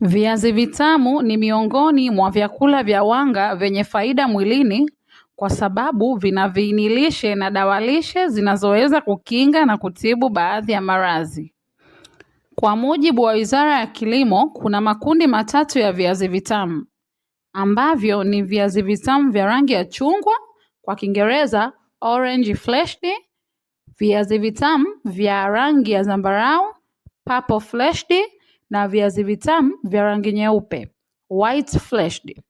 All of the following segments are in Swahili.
Viazi vitamu ni miongoni mwa vyakula vya wanga vyenye faida mwilini kwa sababu vina viinilishe na dawalishe zinazoweza kukinga na kutibu baadhi ya maradhi. Kwa mujibu wa Wizara ya Kilimo, kuna makundi matatu ya viazi vitamu ambavyo ni viazi vitamu vya rangi ya chungwa kwa Kiingereza orange fleshed, viazi vitamu vya rangi ya zambarau purple fleshed na viazi vitamu vya rangi nyeupe white fleshed.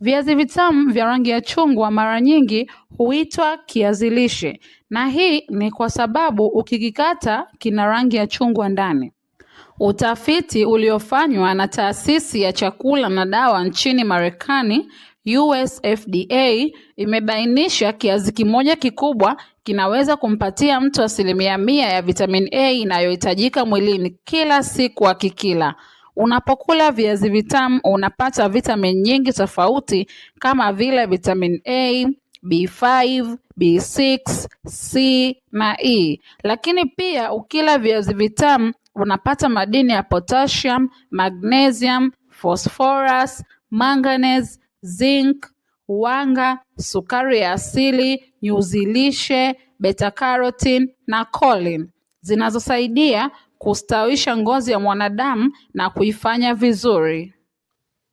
Viazi vitamu vya rangi ya chungwa mara nyingi huitwa kiazi lishe, na hii ni kwa sababu ukikikata kina rangi ya chungwa ndani. Utafiti uliofanywa na taasisi ya chakula na dawa nchini Marekani USFDA imebainisha kiazi kimoja kikubwa kinaweza kumpatia mtu asilimia mia ya vitamin A inayohitajika mwilini kila siku akikila. Unapokula viazi vitamu unapata vitamin nyingi tofauti kama vile vitamin A, B5, B6, C na E. Lakini pia ukila viazi vitamu unapata madini ya potassium, magnesium, phosphorus, manganese zinc, wanga, sukari ya asili, nyuzi beta carotene na choline zinazosaidia kustawisha ngozi ya mwanadamu na kuifanya vizuri.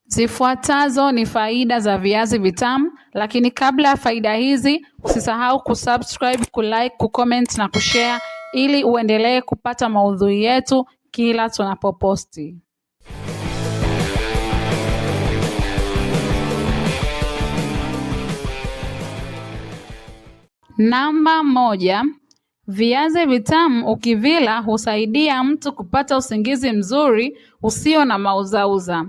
Zifuatazo ni faida za viazi vitamu, lakini kabla ya faida hizi usisahau kusubscribe, kulike, kucomment na kushare ili uendelee kupata maudhui yetu kila tunapoposti. Namba moja, viazi vitamu ukivila husaidia mtu kupata usingizi mzuri usio na mauzauza.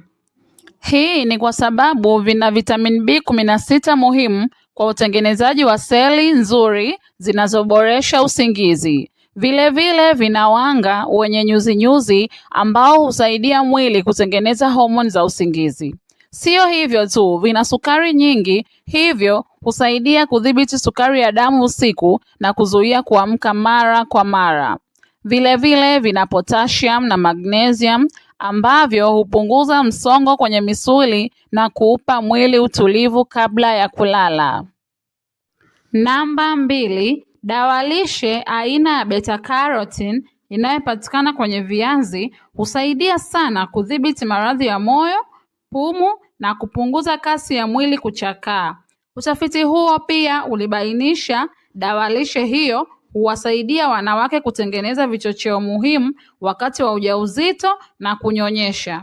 Hii ni kwa sababu vina vitamini B16 muhimu kwa utengenezaji wa seli nzuri zinazoboresha usingizi. Vilevile vile vina wanga wenye nyuzinyuzi ambao husaidia mwili kutengeneza homoni za usingizi. Siyo hivyo tu, vina sukari nyingi, hivyo husaidia kudhibiti sukari ya damu usiku na kuzuia kuamka mara kwa mara. Vilevile vile vina potassium na magnesium ambavyo hupunguza msongo kwenye misuli na kuupa mwili utulivu kabla ya kulala. Namba mbili, dawa lishe aina ya beta carotene inayopatikana kwenye viazi husaidia sana kudhibiti maradhi ya moyo, pumu na kupunguza kasi ya mwili kuchakaa. Utafiti huo pia ulibainisha dawa lishe hiyo huwasaidia wanawake kutengeneza vichocheo muhimu wakati wa ujauzito na kunyonyesha.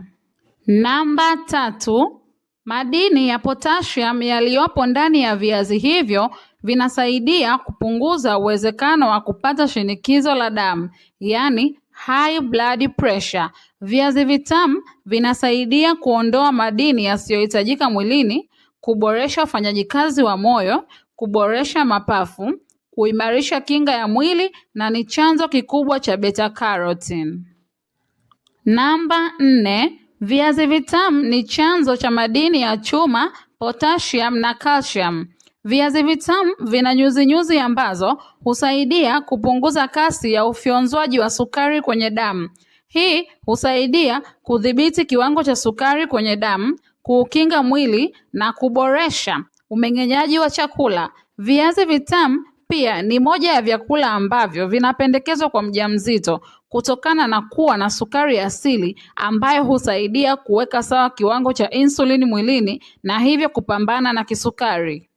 Namba tatu, madini ya potassium yaliyopo ndani ya viazi hivyo vinasaidia kupunguza uwezekano wa kupata shinikizo la damu, yaani high blood pressure. Viazi vitamu vinasaidia kuondoa madini yasiyohitajika mwilini, kuboresha ufanyaji kazi wa moyo, kuboresha mapafu, kuimarisha kinga ya mwili na ni chanzo kikubwa cha beta carotene. Namba nne, viazi vitamu ni chanzo cha madini ya chuma, potassium na calcium. Viazi vitamu vina nyuzi nyuzi ambazo husaidia kupunguza kasi ya ufyonzwaji wa sukari kwenye damu. Hii husaidia kudhibiti kiwango cha sukari kwenye damu, kuukinga mwili na kuboresha umeng'enyaji wa chakula. Viazi vitamu pia ni moja ya vyakula ambavyo vinapendekezwa kwa mjamzito kutokana na kuwa na sukari asili ambayo husaidia kuweka sawa kiwango cha insulini mwilini na hivyo kupambana na kisukari.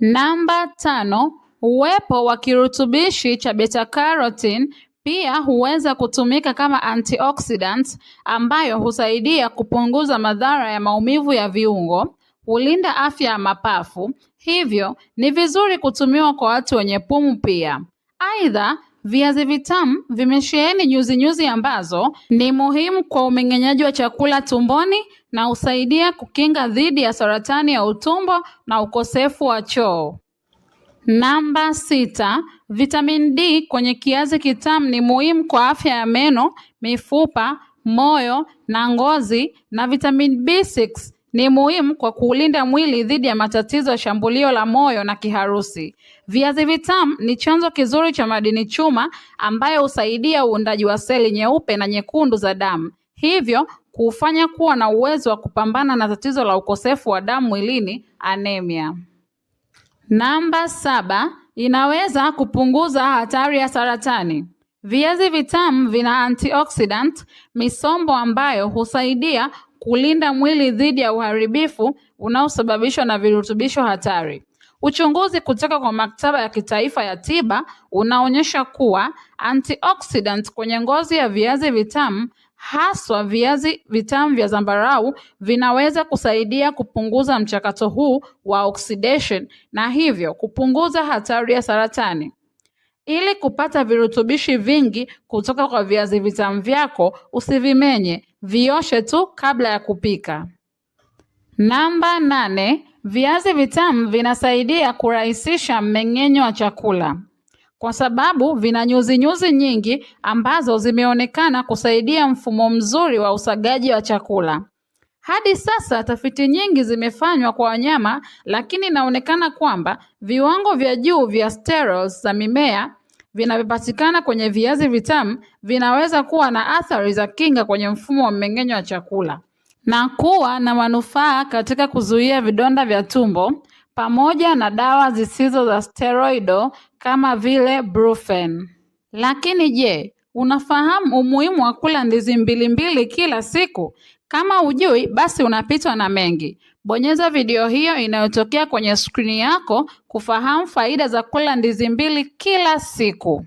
Namba tano, uwepo wa kirutubishi cha beta carotene pia huweza kutumika kama antioxidant ambayo husaidia kupunguza madhara ya maumivu ya viungo, hulinda afya ya mapafu, hivyo ni vizuri kutumiwa kwa watu wenye pumu pia. Aidha, Viazi vitamu vimesheheni nyuzi nyuzi ambazo ni muhimu kwa umeng'enyaji wa chakula tumboni na husaidia kukinga dhidi ya saratani ya utumbo na ukosefu wa choo. Namba sita, vitamin D kwenye kiazi kitamu ni muhimu kwa afya ya meno, mifupa, moyo na ngozi, na vitamin B6 ni muhimu kwa kuulinda mwili dhidi ya matatizo ya shambulio la moyo na kiharusi. Viazi vitamu ni chanzo kizuri cha madini chuma ambayo husaidia uundaji wa seli nyeupe na nyekundu za damu, hivyo kuufanya kuwa na uwezo wa kupambana na tatizo la ukosefu wa damu mwilini, anemia. Namba saba, inaweza kupunguza hatari ya saratani. Viazi vitamu vina antioxidant misombo ambayo husaidia kulinda mwili dhidi ya uharibifu unaosababishwa na virutubisho hatari. Uchunguzi kutoka kwa Maktaba ya Kitaifa ya Tiba unaonyesha kuwa antioxidant kwenye ngozi ya viazi vitamu haswa viazi vitamu vya zambarau vinaweza kusaidia kupunguza mchakato huu wa oxidation na hivyo kupunguza hatari ya saratani. Ili kupata virutubishi vingi kutoka kwa viazi vitamu vyako, usivimenye, vioshe tu kabla ya kupika. Namba nane, viazi vitamu vinasaidia kurahisisha mmeng'enyo wa chakula kwa sababu vina nyuzinyuzi nyingi ambazo zimeonekana kusaidia mfumo mzuri wa usagaji wa chakula. Hadi sasa tafiti nyingi zimefanywa kwa wanyama, lakini inaonekana kwamba viwango vya juu vya sterols za mimea vinavyopatikana kwenye viazi vitamu vinaweza kuwa na athari za kinga kwenye mfumo wa mmeng'enyo wa chakula na kuwa na manufaa katika kuzuia vidonda vya tumbo pamoja na dawa zisizo za steroido kama vile Brufen. Lakini je, Unafahamu umuhimu wa kula ndizi mbili mbili kila siku? Kama ujui basi unapitwa na mengi. Bonyeza video hiyo inayotokea kwenye skrini yako kufahamu faida za kula ndizi mbili kila siku.